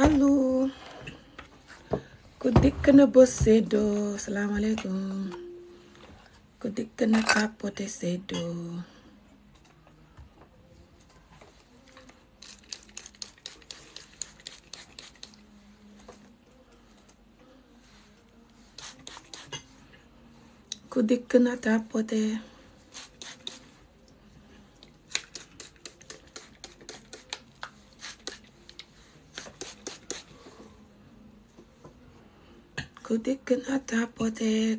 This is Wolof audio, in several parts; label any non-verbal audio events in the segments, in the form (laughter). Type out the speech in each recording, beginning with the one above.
hallo ku dikk na bës seddoo salaamaaleykum ku dikk na tapote seddoo ku dikk na tapote Ku dikk na su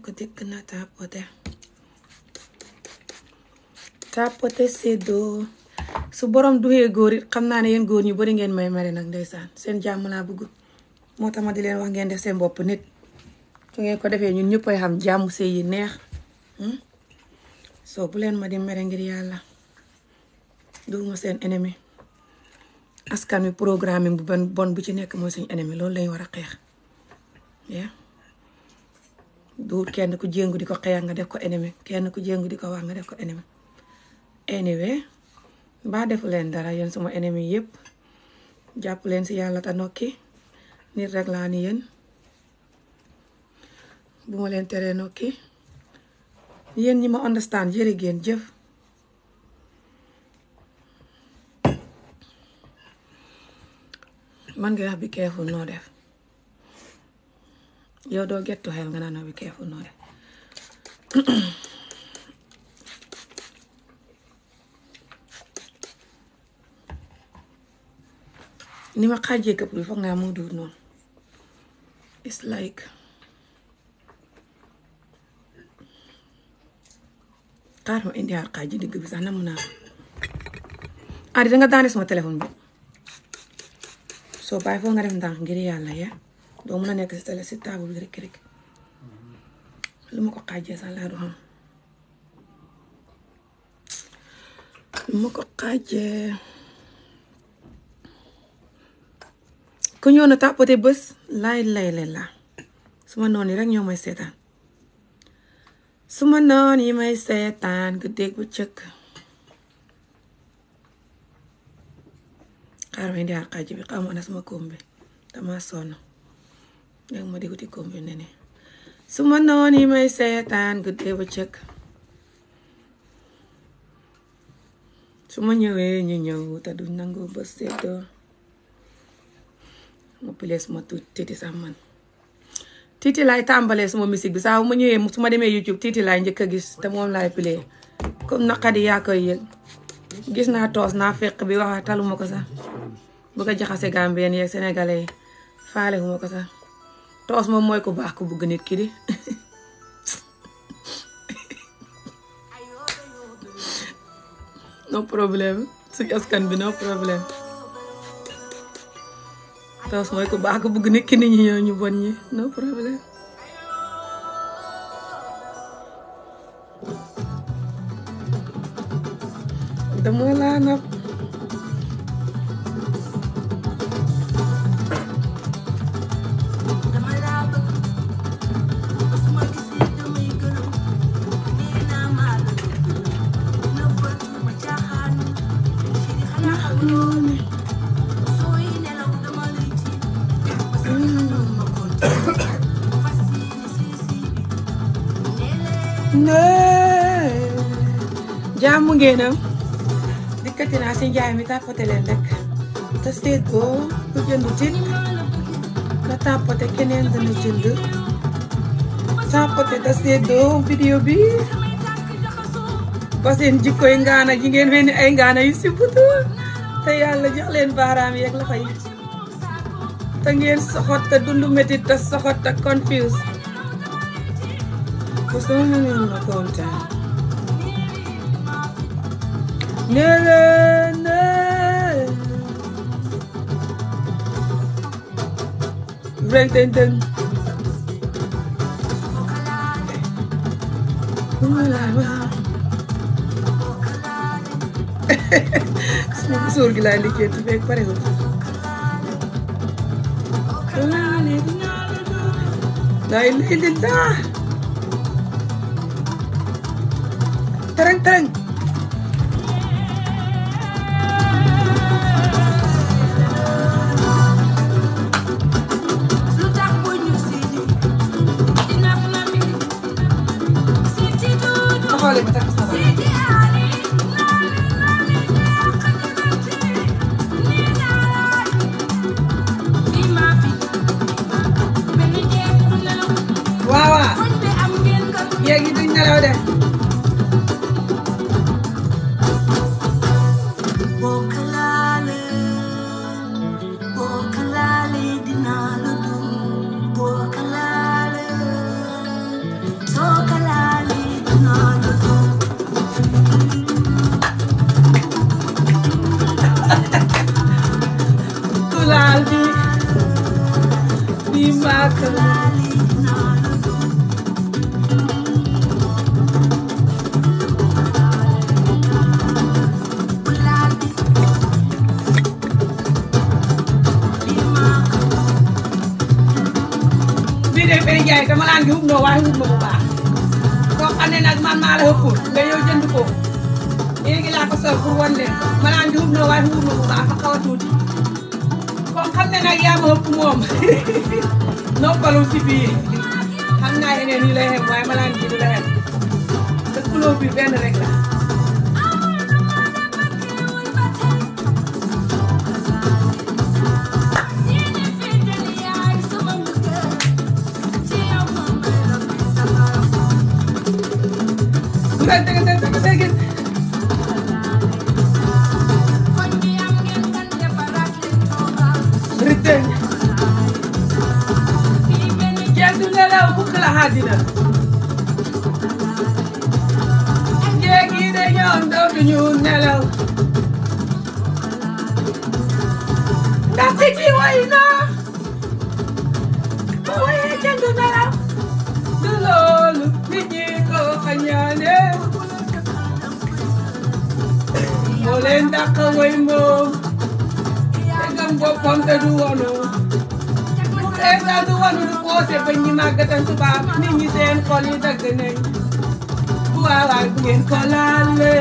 ku dikk na su borom duxee góor it xam naa ne yéen góor ñu bari ngeen may mari nag ndeysaan seen jàmm laa bëgg moo tax ma di leen wax ngeen def seen bopp nit su ngeen ko defee ñun ñëppay xam jàmm sëy yi neex hmm? soo bu leen ma di mere ngir yàlla duuma seen ennemi askan wi programme bu bon bu ci nekk mooy seen ennemi loolu lañ war a xeex duut kenn ku jéngu di ko xeex nga def ko ennemi kenn ku jéngu di ko wax nga def ko ennemi anyway mbaa defu leen dara yéen sama ennemi yëpp jàpp leen si yàlla ta nokki nit rek laa ni yéen bu ma leen teree nokki yéen ñi ma understand jërë ngeen jëf man nga wax bi keeful noo def yow doo get to hell nga naan bi keefu noonu ni ma xaajee këpp bi foog ngaa moo duur noonu it's like xaar ma indi xaar xaaj digg bi sax na mun naa ari danga daane sama téléphone bi soo bàyyi foog nga def ndànk ngir yàlla ya doo mën a nekk si télé si taabu bi rek rek lu ma ko xaajee sax laa du xam lu ma ko xaajee ku ñëw na tàppate bés laay lay lay la su ma noon yi rek ñoo may seetaan su ma noon yi may seetaan guddeeg bu cëkk xaar ma indi xaaj bi xaw ma na sama koom bi dama yaa ngi ma di guddi koom yu ne ne su ma noonu yi may seetaan guddee ba cëkk su ma ñëwee ñu ñëw te du nangu ba seetoo ma pilees ma tuuti tiiti sax tiiti laay tàmbalee suma musique bi saa ma ñëwee su ma demee YouTube tiiti laay njëkk a gis te moom laay pilee comme naqadi yaa koy yëg gis naa toos naa fekk bi wax taluma ko sax bëgg a jaxase Gambien yeeg faale huma ko sax toos moom mooy ku baax ku bëgg nit ki di no problème suñu askan bi no problème toos mooy ku baax ku bugg nit ki ñi ñoo ñu bon ñi no problème dama laa nopp ngeen am dikkati naa si njaay mi tàppate leen rek te seet boo jënd cin nga tàppate keneen dana jënd tàppate te seetloo vidéo bi ba jikkoy ngaana ji ngeen mel ay ngaana yu si te yàlla jox leen baaraam yeeg la fay te ngeen soxot te dundu métit te soxot te confuse bu soo mënoon na kontaan nee leen nee reng ten ten suur gi laa liggéey tu fekk pare lay lay li daa tereng tereng gi wut ma waaye wut ma bu baax koo xam ne nag man maa la ëppoon nga yow jënd ko léegi laa ko sol pour wan leen ma naan gi waaye wut ma bu baax fa xaw a tuuti koo xam ne nag moom (laughs) noppalu si biir xam naa yeneen yi lay waaye ma naan gi du la xem bi benn rek Nasikiwa ina Kuwe kendu nara Dulolu Ninyiko kanyane Molenda kawaimbo Tegam bopam tedu wano Molenda du wano du kose Banyi magatan tuba Ninyi sen koli dagane Kuala ngien kolale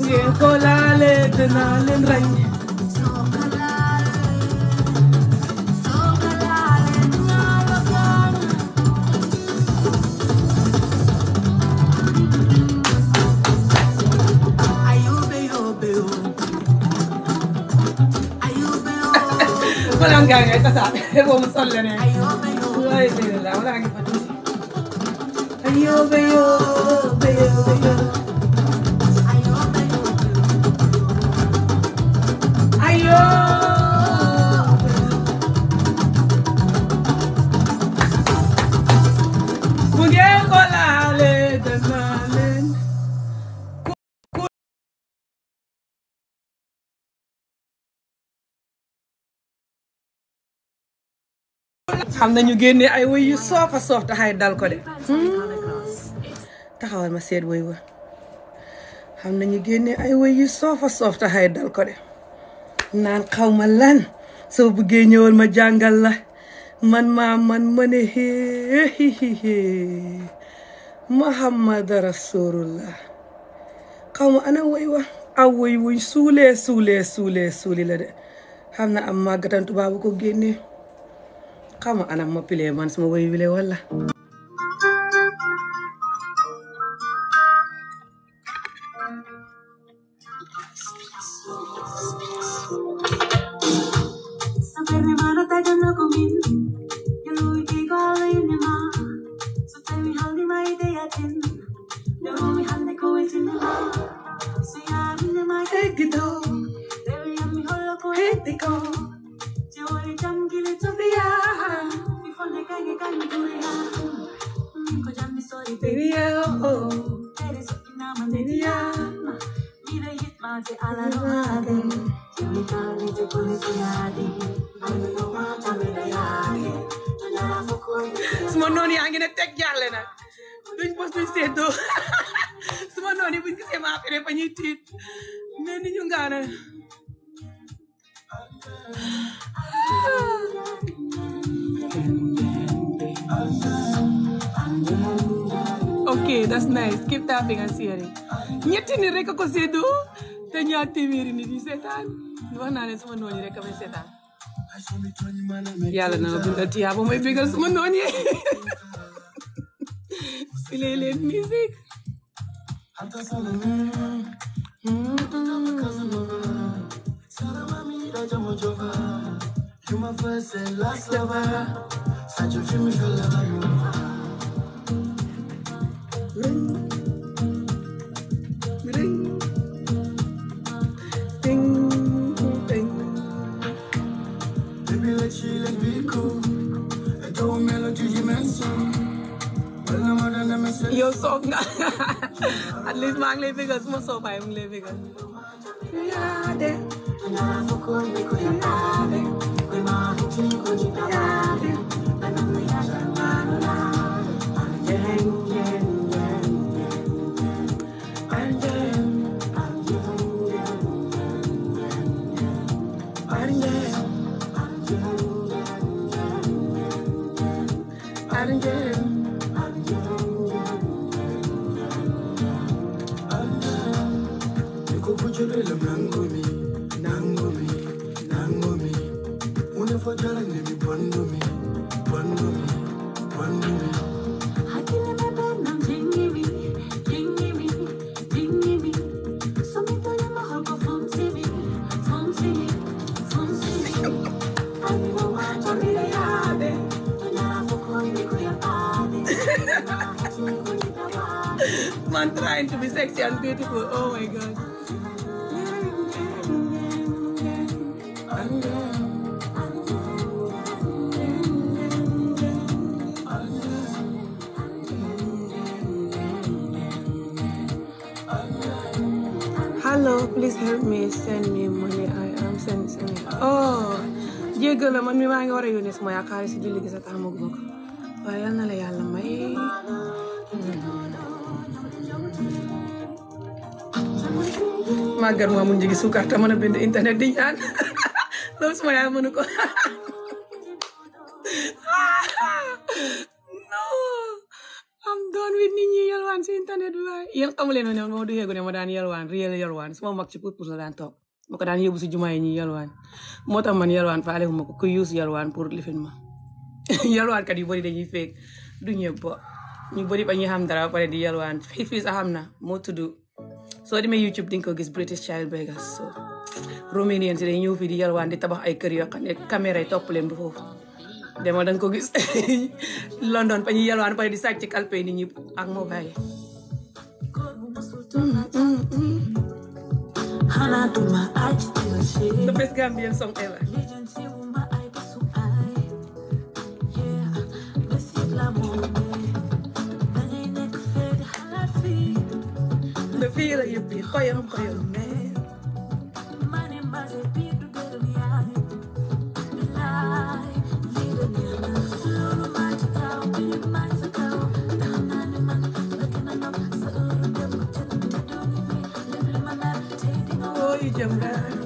Ngien kolale Denalen rangi gaa ngay tasaare te boobu sol leneen looy dégg la wala ngi fa tuuti ay yoo ba yoo ba yoo xam nañu génne ay woy yu soof a soof taxay dal ko de ma seet woy wa xam nañu génne ay woy soof a soof taxay dal ko naan xaw ma lan soo buggee ñëwal ma jàngal la man maa man ma ne héhihi Muhammad Rasulullah xaw ma ana woy wa aw woy wuñ suulee suulee suulee suuli la de xam na am màggatan tubaabu ko xaw ma anam ma pilee man sama woy wile walla Seviyor oh, oh. Eres inanma dedi ya Yine gitmedi alarmadı Kimi tarihte konuşuyordu Aynı yola tamire yani suma noonu yaa ngi ne teg yi buñ gisee ma affaire fa ñuy tiit mais ñu ngaana Thank ok that's nice keep tapping and sharing ñetti nit a ko séddoo te ñaar téeméeri nit yi seetaan wax naa ne suma noon yi may seetaan yàlla na ma bindal tiyaa ba may bégal (laughs) yow soof nga (laughs) at least maa ngi lay bégal su ma soofaay mu ngi lay bégal yaade yaade belum nangomi nangomi nangomi une fois jalan nemi bondomi bondomi bondomi hakile bebe nam jengimi jengimi jengimi somito ya mahoko fomsimi fomsimi fomsimi amigo macho mire yabe tunyara fukundi kuyapani (laughs) Man trying to be sexy and beautiful. Oh my god. I am send send oh, maa ngi war a yónnee sama yaa ma ko waaye yal na la yàlla may màggat maa jigi suukar mën a bind internet di ñaan (laughs) loolu sama yaay (laughs) yalwaan wi nit yalwaan si internet bi waaye yéen xamu leen ne moo duggee ne ma daan yalwaan réel yalwaan su ma mag ci pour pour la daan toog ma ko daan yóbbu si jumaa yi ñuy yalwaan moo tax man yalwaan faale ma ko ku yuus yalwaan pour lifin ma (laughs) yalwaankat yu bëri dañuy feeg du ñëpp ñu bëri ba ñuy xam dara ba pare di yalwaan fii fii sax xam na moo tudd soo demee YouTube di nga ko gis British Child Beggars so Romanian si dañuy ñëw fii di yalwaan di tabax ay kër yoo xam yi topp leen du foofu. demal da nga ko gi (laughs) London pa ñuy yalwaan pare di sàcc kalpe nit ñi ak mobile the best Gambian song ever the feel you be koyam koyam Jumbo.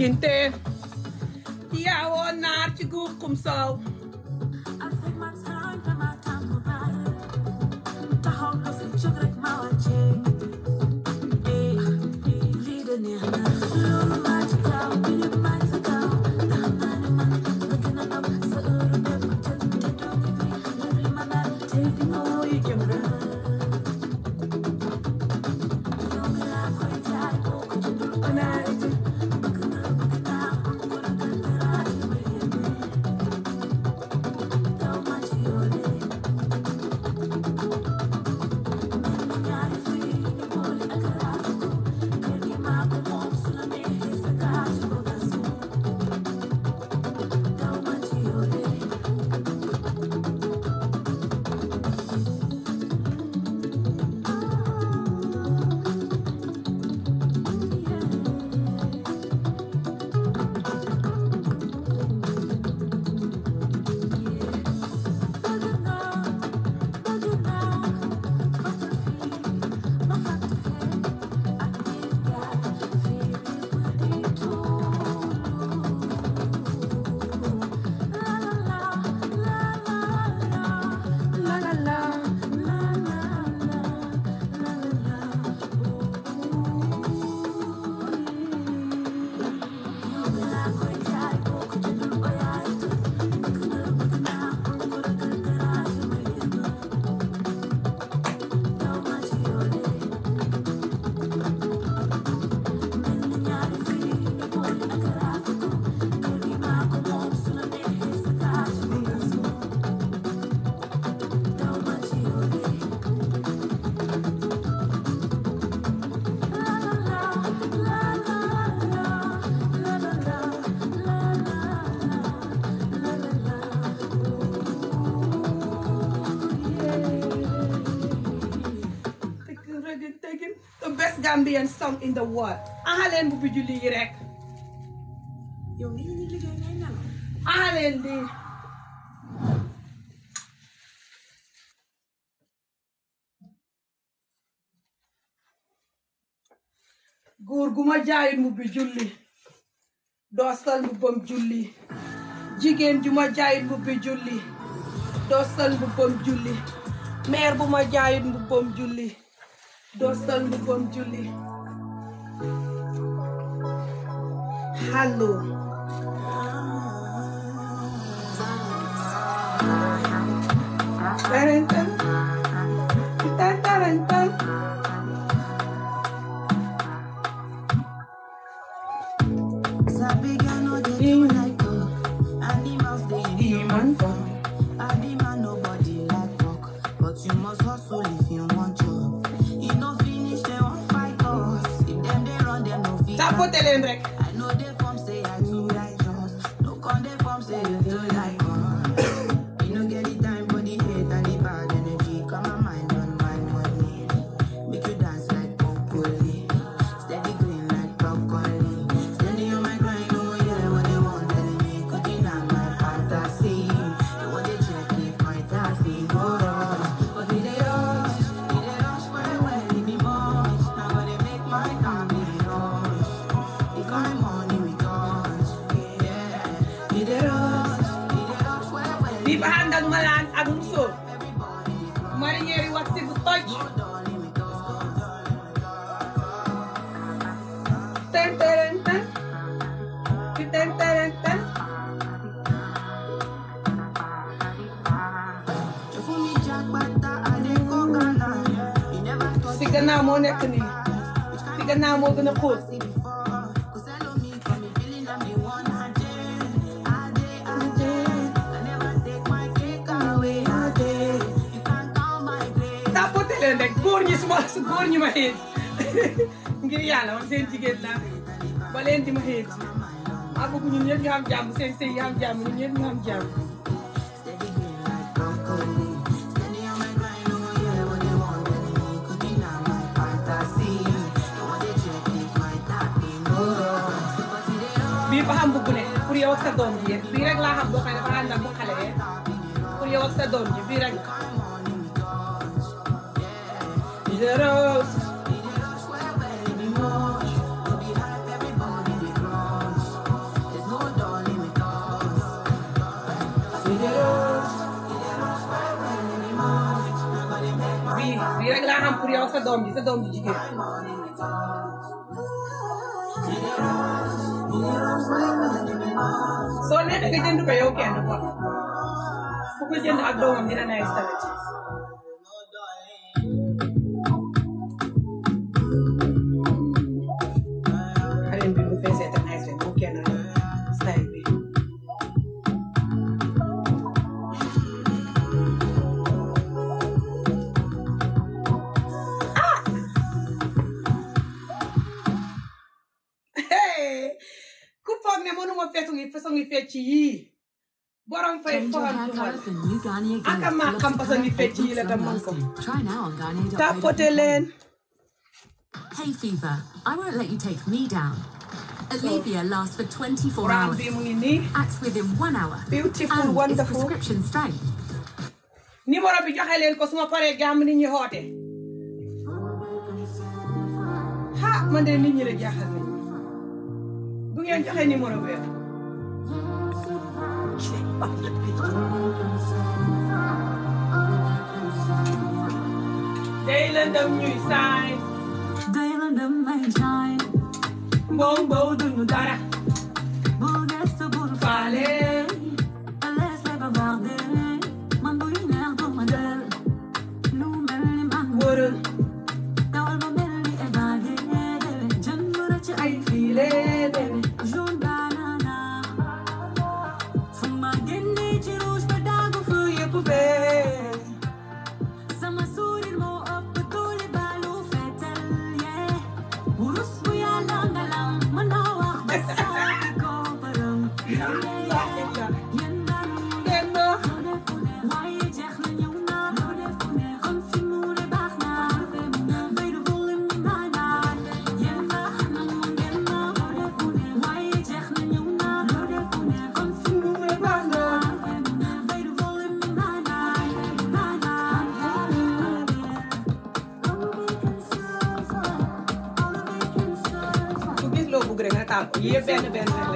diggante. Yawoon naar ci guur kum soow million song in the world axaleen bu bi julli yi rek yow li ñu liggéey ngay mu bi julli doo sol mbubbam julli jigéen ju ma mu bi julli doo sol mbubbam julli meer bu ma jaayut mbubbam julli doo sol mbubbam julli leen rek am jàmm ñun ñëpp temps pour yow sa doom ji sa doom ji jigéen. soo neexee nga jënd ko yow kenn kon ku ko jënd ak doomam dina neex façon ngi fecc yii borom fay foxantu mooy aka maa xam façon ngi fecc yii la tam man ko tapote leen hay fever I won't let you take me down Alivia lasts for 24 hours acts within one hour beautiful wonderful and prescription strength numéro bi joxe leen ko suma paree gàmm nit ñi xoote ha man de nit ñi la jaaxal bu ngeen joxe numéro bi day lëndëm ñuy saay day lëndëm may saay mbow mbow duñu dara bu gestu bul faale benn benn benn.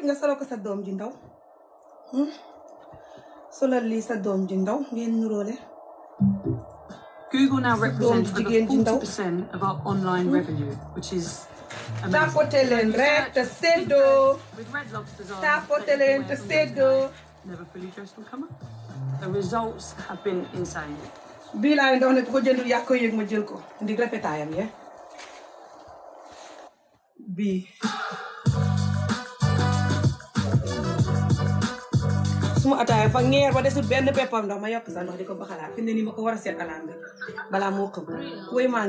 jullit nga solo ko sa doom ji ndaw hmm? solal lii sa doom ji ndaw ngeen nuróole Google now represents over 40% of our online mm. revenue, bii laa ndox ne ku ko jëndul yaa ma jël ko ndi rafetaayam ya bii suma ataaya fa ngeer ba desul benn peppam ndax ma yokk sa ndox di ko baxalaat fi ne nii ma ko war a seet alaan bi balaa moo xam woy maa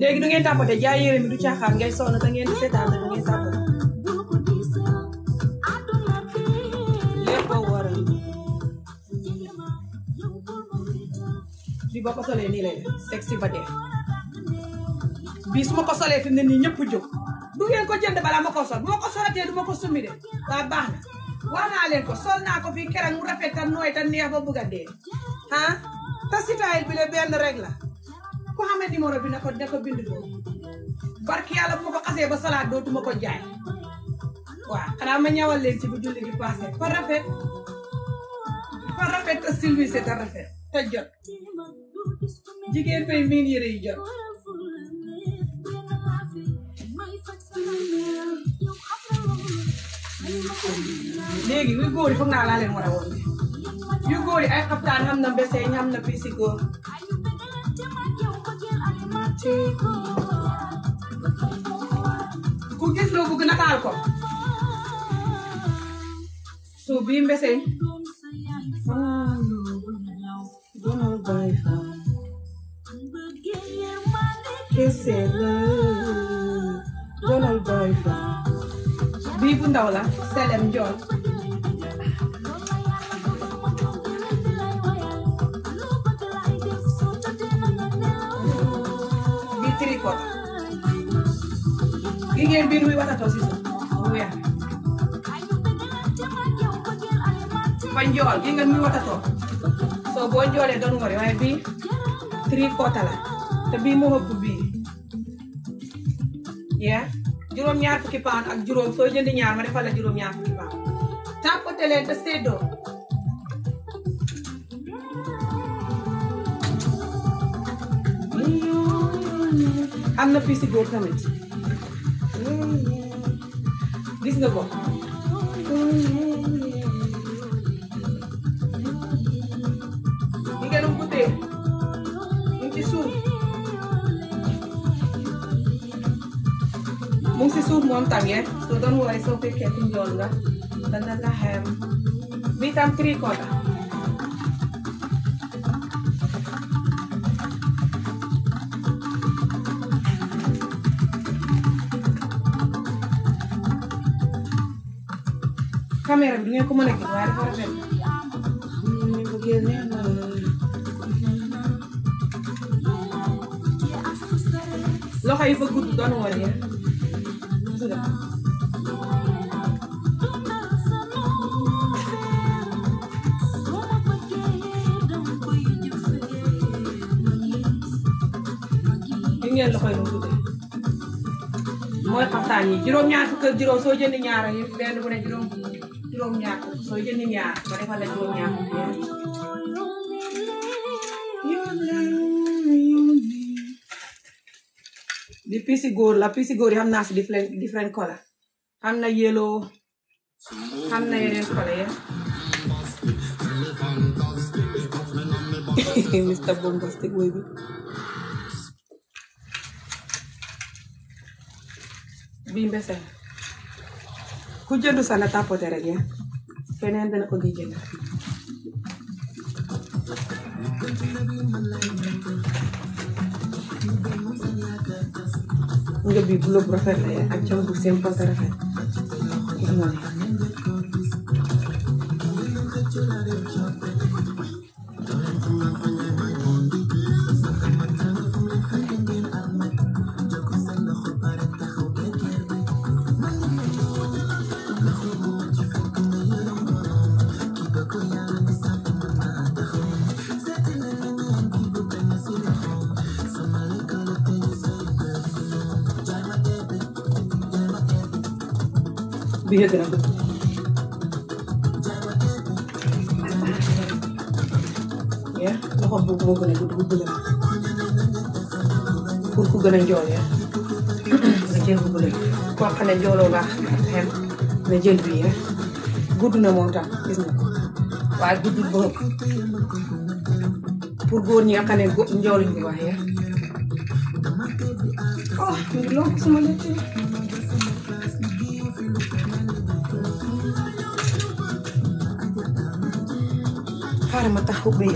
léegi du ngeen tàppate jaay yére war a di boo ko solee nii lay def ba dee bii su ma ko solee fi ne nii ñëpp jóg du ngeen jënd balaa ma ko sol bu ma ko solatee du ma ko summi de waa baax na wax naa leen ko sol naa ko fii keroog mu rafet te nooy te neex ba bëgg a dee ah te sitaayil bi la benn rek la ku xamee numéro bi na ko na ko bind doo barki yàlla bu ma ko xasee ba salaat dootuma ko jaay waaw xanaa ma ñawal leen ci bu julli gi passé fa rafet fa rafet te silvisé te rafet te jot jigéen fay miin yëre yi jot léegi yu góor yi foog naa laa leen war a woon yu góor yi ay xaptaan xam na beseñ xam na pisi góor ku gis loo bëgg nataal ko su bii mbeseñ Kiss it, love. Don't boyfriend. bii bu ndaw la selem njool bii tricot gi ngeen biir muy waxatoo si suuf bu weex fa njool gi ngeen muy waxatoo soo boo njoolee doon wari waaye bii tricot juróom-ñaar fukki paan ak juróom soo jënd ñaar ma defal la juróom-ñaar fukki paan tàppate leen te séddoo am na fii si góor tamit gis nga ko suit moom tamit so don't worry soo fekkee njool nga danga nga xem bi tam three quarter caméra bi du ngeen ko a gis waaye dafa rafet ñu ko génne loxo yi fa gudd ngeen loxo yi mu dugal mooy xaftaan yi juróom-ñaar fukk ak juróom soo jënd ñaar ak yëpp benn bu ne juróom juróom-ñaar soo jënd ñaar ba defal la juróom-ñaar di pisi góor la pisi góor yi xam naa si different different color xam na yellow xam na yeneen color yi (laughs) Mr. Bombastic way bi bii mbese ku jëndu sa na tàppote ya keneen dana ko ngi jënd nga bii bu la bu rafet la ak cam bu seen pose rafet Vietnam. ya loxo boobu moo gën a gudd bu bële pour ku gën a njool ya nga jël bu bële koo xam ne njooloo baax xem jël bii ya gudd na moom tam gis nga ko waaye guddul ba ëpp góor ñi nga xam ne njooluñ bu baax ya oh loo ko suma lekkee xaaral ma tax ubbi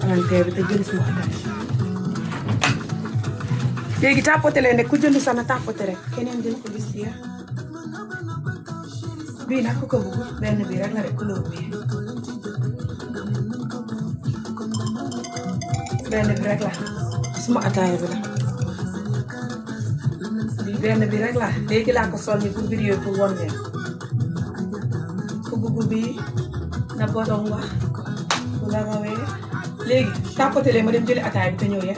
palanteer bi te jël sama otage léegi tàppate leen rek ku jënd sama tàppate rek keneen dina ko gis ya bii nag ku ko bëgg benn bii rek la rek couleur bi benn bi rek la suma ataaya bi la bii benn bi rek la léegi laa ko sol ni pour vidéo pour won leen eh. na borom wax bu la rawee léegi tàppatale ma dem jëli ataay bi te ñëw ya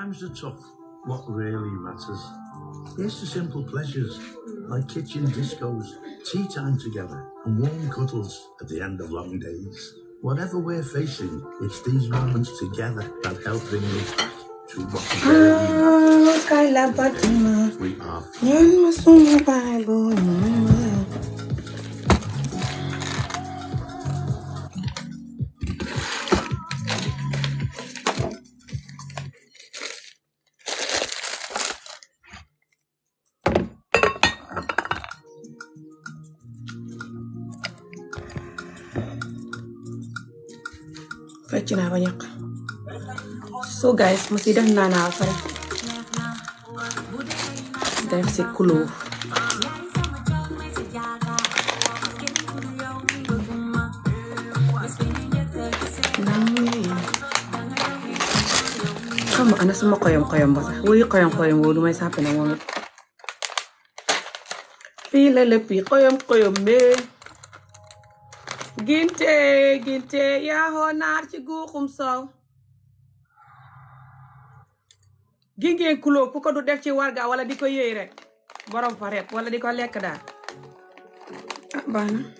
times are tough, what really matters? Here's to simple pleasures like kitchen discos, tea time together, and warm cuddles at the end of long days. Whatever we're facing, it's these moments together that help bring to what really ah, We are. fecc naa ba ñàkk so guys ma si def naa naa pare def si clove xam ana suma koyom koyom ba sax wuy koyom koyom woo may sàppe na moom fii la lépp koyom koyom bee ginte ginte yaaxoo naar ci guuxum soow gingeen kuloo ku ko du def ci warga wala di ko yëy rek borom fa rek wala di ko lekk daal ah baax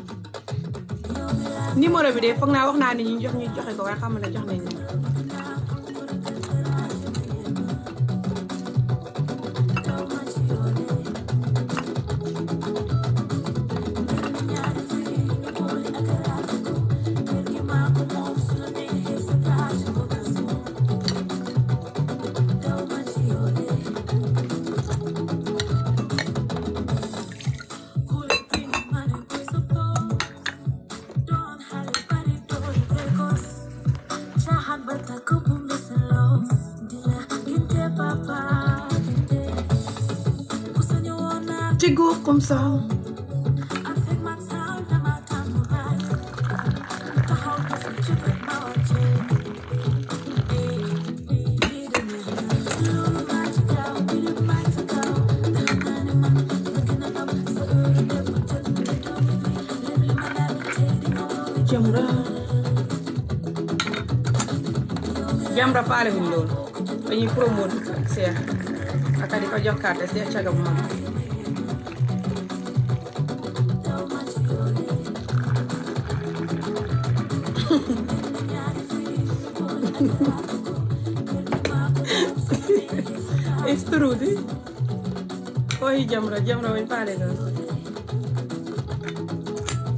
numéro bi de foog naa wax naa ne ñu jox ñu joxe ko waaye xam na jox nañ comme ça. Jamra Jamra faale wuñ loolu dañuy promote ak Cheikh ak di ko jox carte Cheikh Thiaga bu mag ruudi oyi Jamra Jamra woñ paale noon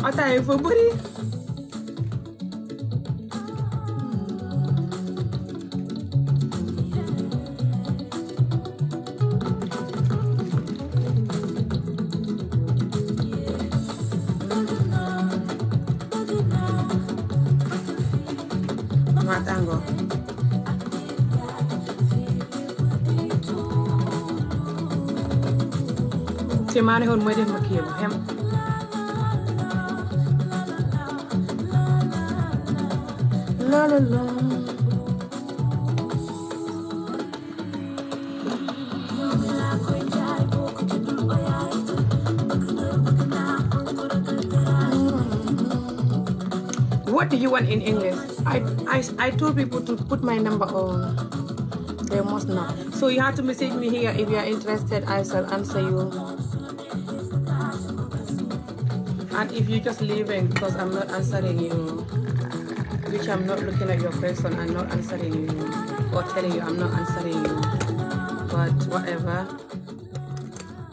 ataaya fa bëri maa ne woon mooy def ma kii bu xem la la la What do you English? I, I, I told people to put my number on. They must not. So you have to message me here if you are interested. I shall answer you. And if you're just leaving because I'm not answering you, which I'm not looking at your question and not answering you, or telling you I'm not answering you, but whatever,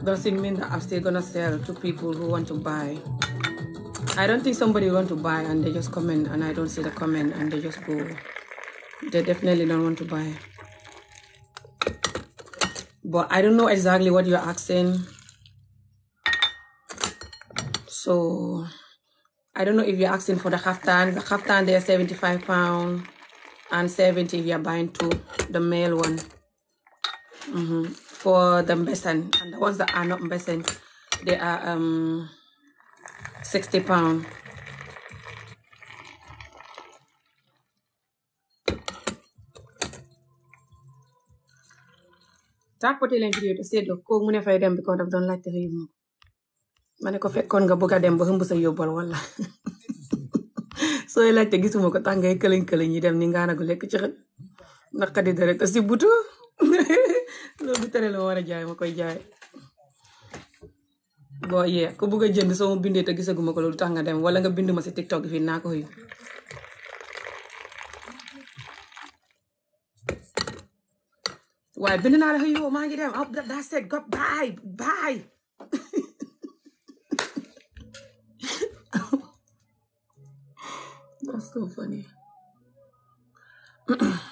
doesn't mean that I'm still gonna sell to people who want to buy. I don't think somebody want to buy and they don't see the comment and they don't want to buy. But I don't know exactly what asking. So I don't know if you're asking for the kaftan. The kaftan they're 75 pounds and 70 if you're two, the male one. Mm-hmm. For the mbesan the ones that are not mbesan, they are um pounds. tàppati leen vidéo te seetloo kooku mu ne dem because daf doon laajte xëy na ma ne ko fekkoon nga bëgg a dem ba xëmb sa yóbbal wala sooy laajte gisuma ko tax ngay këlëñ këlëñ ni ngaa nagu lekk ci xët naqadi dara te si loolu tere la ma war a jaay ma koy jaay boo yee ku bëgg a jënd soo ma bindee te gisaguma ko loolu tax nga dem wala nga bind ma si tiktok fii naa ko xëy waaye bind naa la maa ngi dem ah, daa seet gopp baay baay Prostovanie. (clears throat)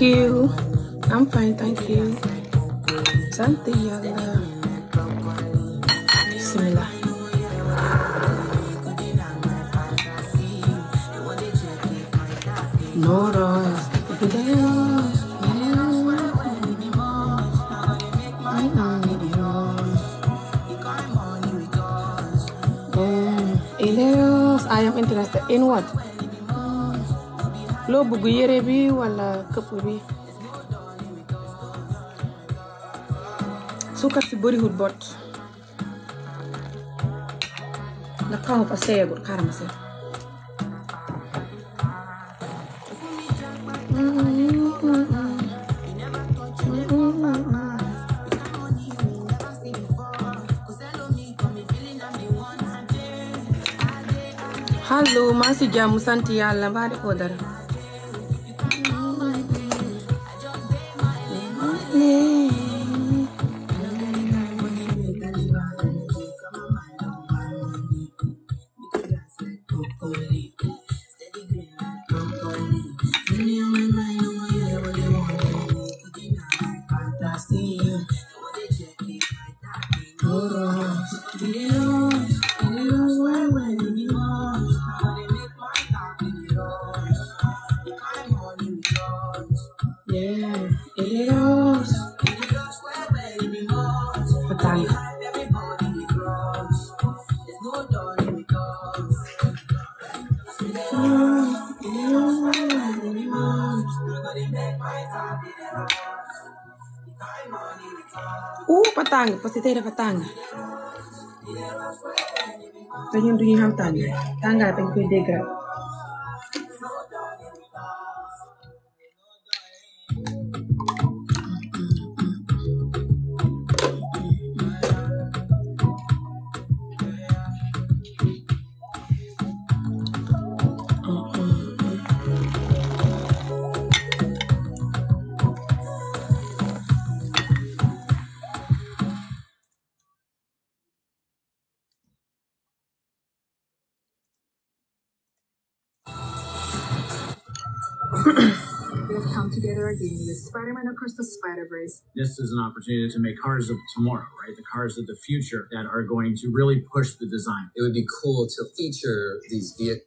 thank you I'm fine thank you sant yàlla bismillah nooroos eh, bideyoos I am interested in what loo bëgg yére bi wala këpp bi suukar si bëriwul bot ndax xaw fa seeyagul xaaral ma seey allo maa si jàmm sant yàlla mbaa defoo dara parce que tey dafa tàng te ñun du ñu xam tàngaay tàngaay dañ koy déggal Spider-Man Across the Spider-Verse. This is an opportunity to make cars of tomorrow, right? The cars of the future that are going to really push the design. It would be cool to feature these vehicles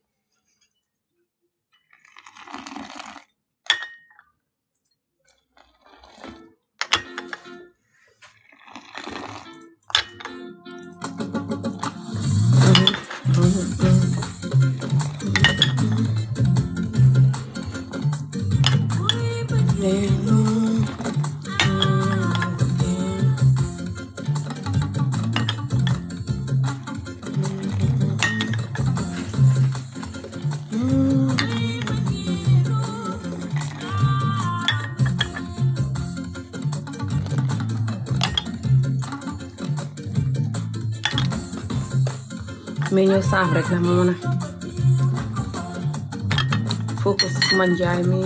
saaf rek la ma mën a focus ma njaay mi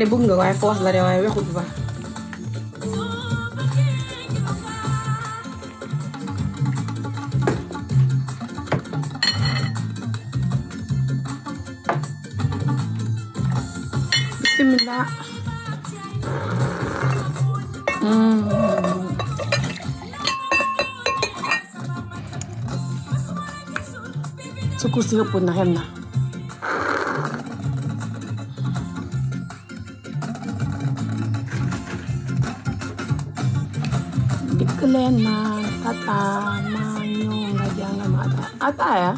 ne bëgg nga waaye force la de waaye wexut ba bismillah mm. su kur si ëpp na xel na Suleman Katamanyong Gajanga Mata. Ataya?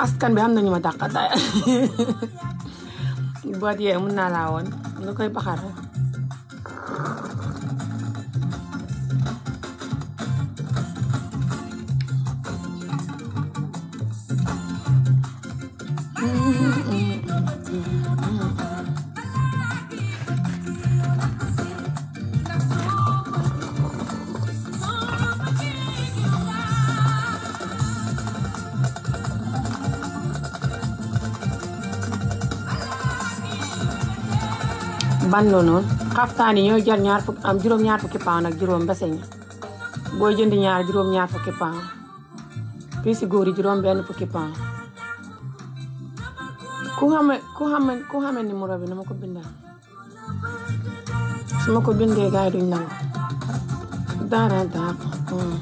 askan bi xam nañu ma dàq ataya. (laughs) boot yee mun naa laa woon koy baxar rek. man la noonu xaftaan yi ñooy jar ñaar am juróom-ñaar fukki pound ak juróom mbeseñ boo jënd ñaar juróom-ñaar fukki pound piisi góor yi juróom benn fukki pound ku xame ku xame ku xame numéro bi na ko bindal ko bindee gars duñ nangu dara dara hmm.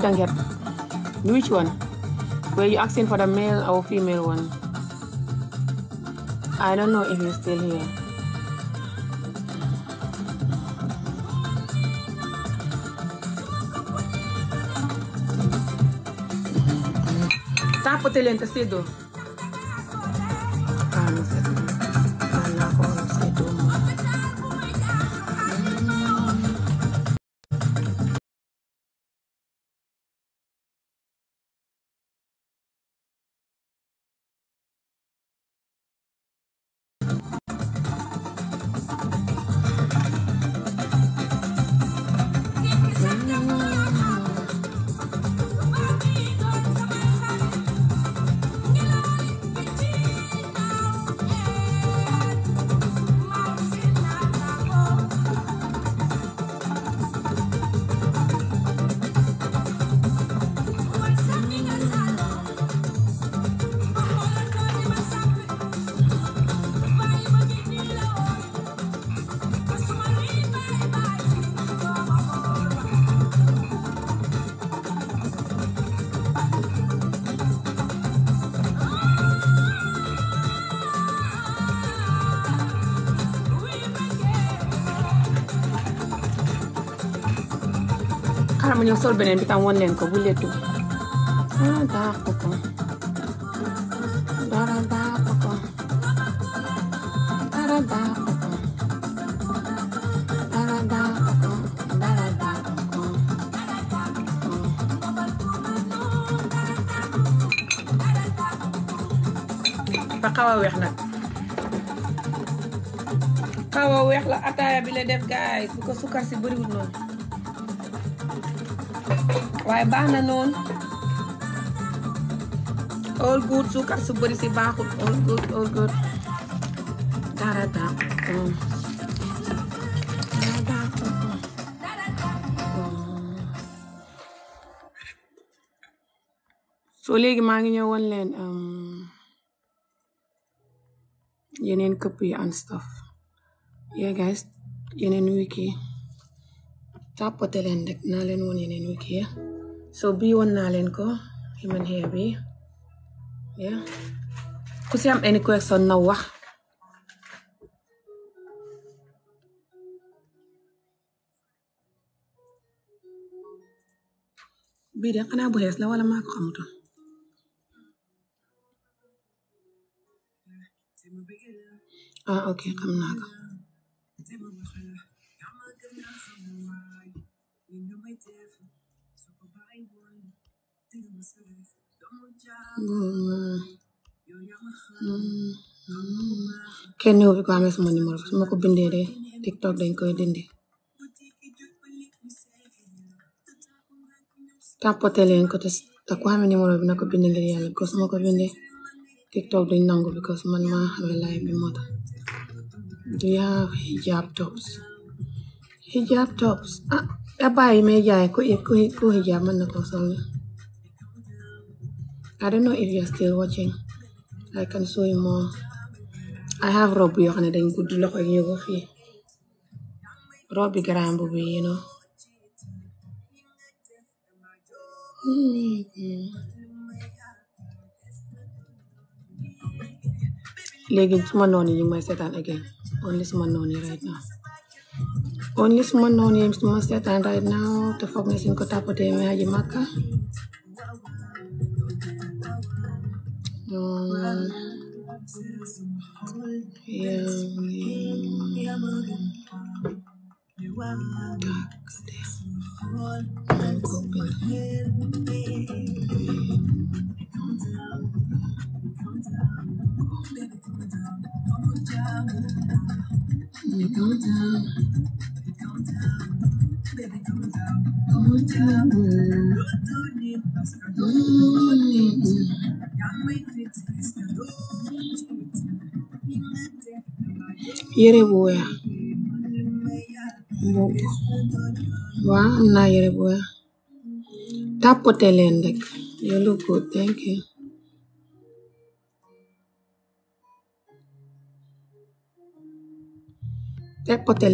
see it and get which one were you asking for the male or female one I don't know if he's still here tapote leen te séddoo ñëw sol beneen bi tam won leen ko bu lettu ah baax ko ko dara baax ko ko dara baax ko ko dara baax ko a weex nag xaw a weex la ataaya bi la def gaay bu ko sukkar si bëriwul noonu waaye baax na noonu all good suukar su si baaxul all good dara daaxul soo léegi maa ngi ñëwoon leen um, yeneen këpp yi and stuff yeah yeneen wiki tàppate leen rek naa leen won yeneen so bii won naa leen ko human hair bi yeah ku si am na wax bii de xanaa bu xees la wala maa ko xamutoon ah ok xam naa kenn ñëw fi ko amee sama numéro su ma ko bindee de TikTok dañ koy dindi tàppate leen ko te te ku amee numéro bi na ko bind nangu because man maa xamee live bi tops hijab tops ah Abba may jaay ku if ku ku hijab mën na ko sol I don't know if you're watching I can show you I have rob yoo xam ne dañ gudd loxo yi ñu yino fii rob bi grand bu bi suma noonu yi may seetaan again only suma noonu right only small no names to must and right now the fog missing got up with him haji maka um, um Yere bu weex wa am na yere bu weex tàppote leen rekk you look good thank you. Tàppote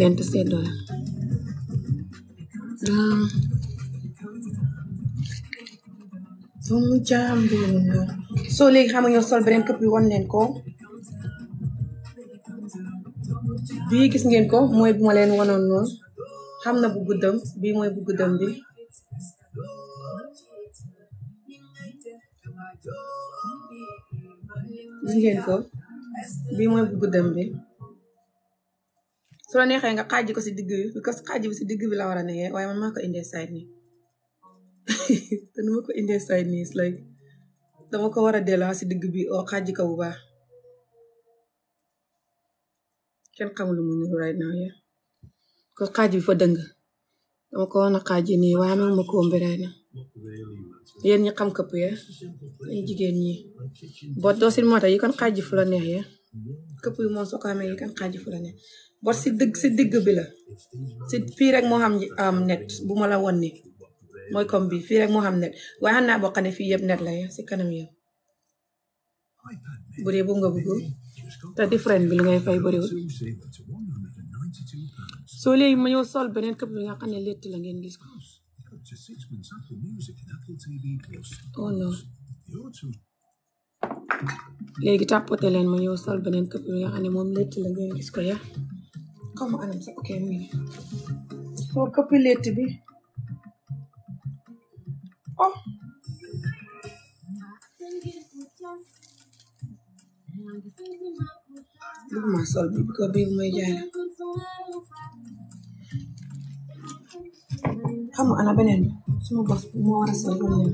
doomu jàmbur nga soo léegi xam nga ñoo sol beneen këpp bi won leen ko bii gis ngeen ko mooy bu ma leen wanoon noonu xam na bu guddam bii mooy bi gis ngeen ko bii mooy bu bi su la nga xaaji ko si digg bi parce que xaaji bi si digg bi la war a man maa ko indee side nii (laughs) te nu ko indee side nii is like dama ko war a delloo si digg bi oo xaaji ko bu baax kenn xamul mu niru right now yeah ko xaaji bi fa dëng dama ko woon a xaaji nii waaye ma ko woon right now yéen ñi xam ye yéen jigéen ñi boo doo si moo tax yi kan xaaji fu la neex ye këpp yi moom soo ko fu la bot si dëgg si digg bi la fii rek moo xam net bu ma la won ni mooy comme bi fii rek moo xam net waaye xam naa boo xam ne fii yëpp net la si kanam yëpp bu dee bu nga bëggul te different bi li ngay fay bëriwul soo léegi ma ñëw sol beneen këpp bi nga xam ne létt la ngeen gis ko oh no xaw ma anam sax ok soo copy lett bi oh bëgg ma sol bi ko bii jaay xam nga beneen suma bos moo war sol beneen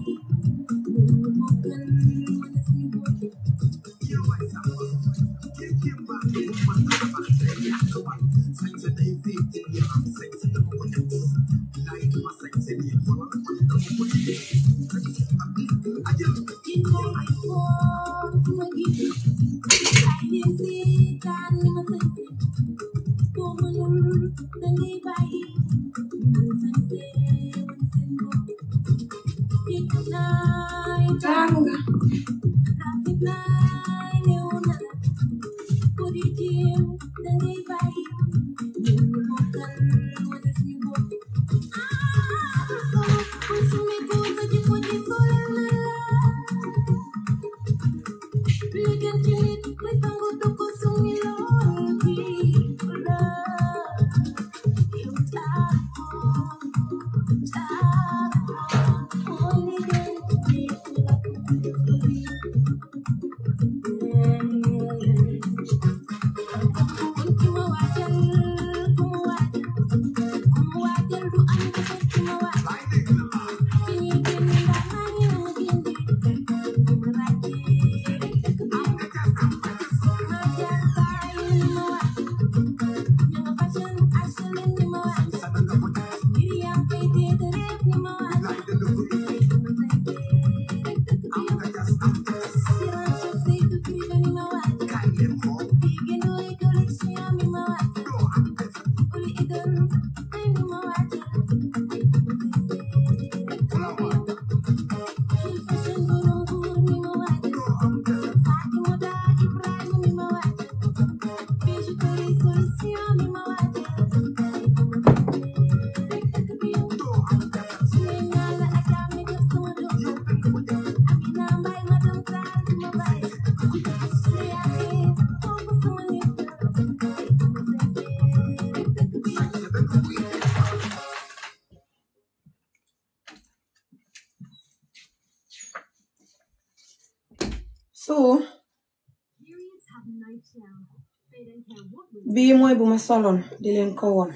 bii mooy bu ma soloon di leen ko woon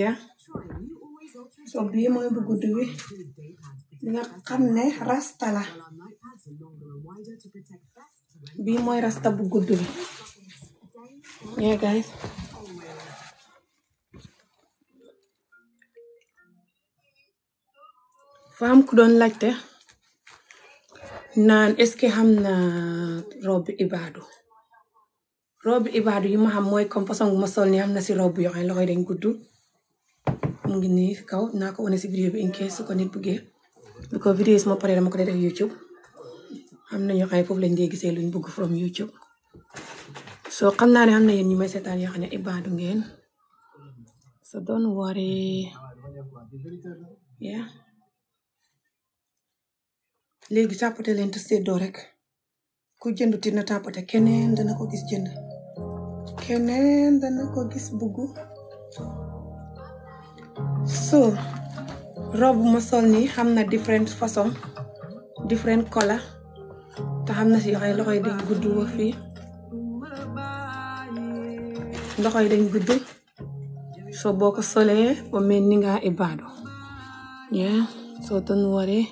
ya so bii mooy bu gudd bi li xam ne rasta la bii mooy rasta bu gudd bi yeah guys faam ku doon laajte naan est-ce xam na robe ibaadu robe ibaadu yu ma xam mooy comme façon bu ma sol am na si robe yoo xam ne loxo yi dañ gudd mu ngi nii kaw naa ko wane si vidéo bi in case su ko nit bëggee bi ko vidéo yi def am na ñoo xam ne lañ dee gisee luñ bëgg from YouTube soo xam naa ne am na yéen ñu may seetaan yoo xam ne ibaadu ngeen so don't worry yeah léegi tàppate leen te seddoo rek ku jënduti na tàppate keneen dana ko gis jënd keneen dana ko gis buggu so robe ma sol nii xam na different façon different color te xam na si yoo xam ne loxo yi dañ gudd wa fii loxo so boo ko solee ba ni nga ibaadu yeah soo doon waree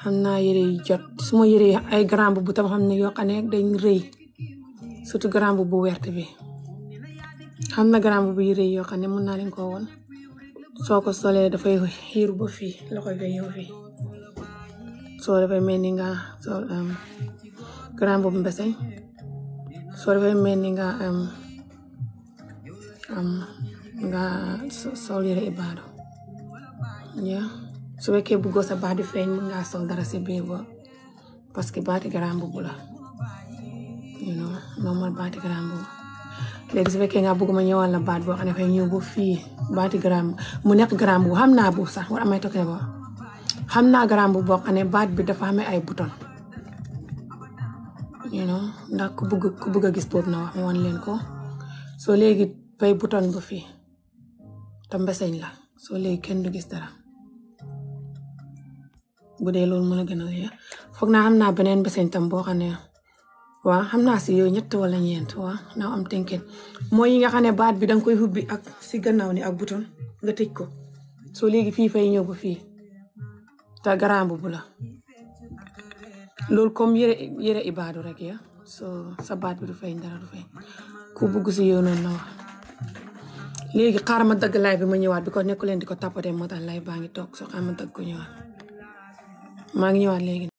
xam naa yére yi jot su ma yére ay grand bu tam xam ne yoo xam ne dañ surtout grand bu bu wert bi xam na garam bu yi rëy yoo xam ne mën naa leen ko woon soo ko solee dafay xiiru ba fii loxo bi ñëw fii soo dafay ni nga sol garam bu mbese soo dafay mel ni nga nga sol yëre ibaadu ya su fekkee buggoo sa baat di feeñ mën ngaa sol dara si biir parce que baati garam bu la you normal baati garam bu léegi su fekkee nga bëgg ma ñëwal la baat boo xam ne fay ñëw ba fii baati gram mu nekk gram bu xam naa bu sax war amay tokkee ko xam naa gram bu boo xam baat bi dafa amee ay bouton you know ndax ku bëgg ku bëgg a gis boobu na wax ma leen ko soo léegi fay bouton ba fii te mbeseñ la soo léegi kenn du gis dara bu dee loolu mu a gën a leer foog naa xam naa beneen mbeseñ tam boo xam waaw xam naa si yooyu ñett wala ñeent waaw now am thinking mooy yi nga xam ne baat bi danga koy hubbi ak si gannaaw ni ak bouton nga tëj ko soo léegi fii fay ñëw ba fii te garaam bu la loolu comme yére yére ibaadu rek ya soo sa baat bi du fay dara du fay ku bugg si yow noonu na wax léegi xaar ma dagg laay bi ma ñëwaat bi ko nekku leen di ko tappatee moo tax laay baa ngi toog soo xaar ma dagg ko ñëwaat maa ngi ñëwaat léegi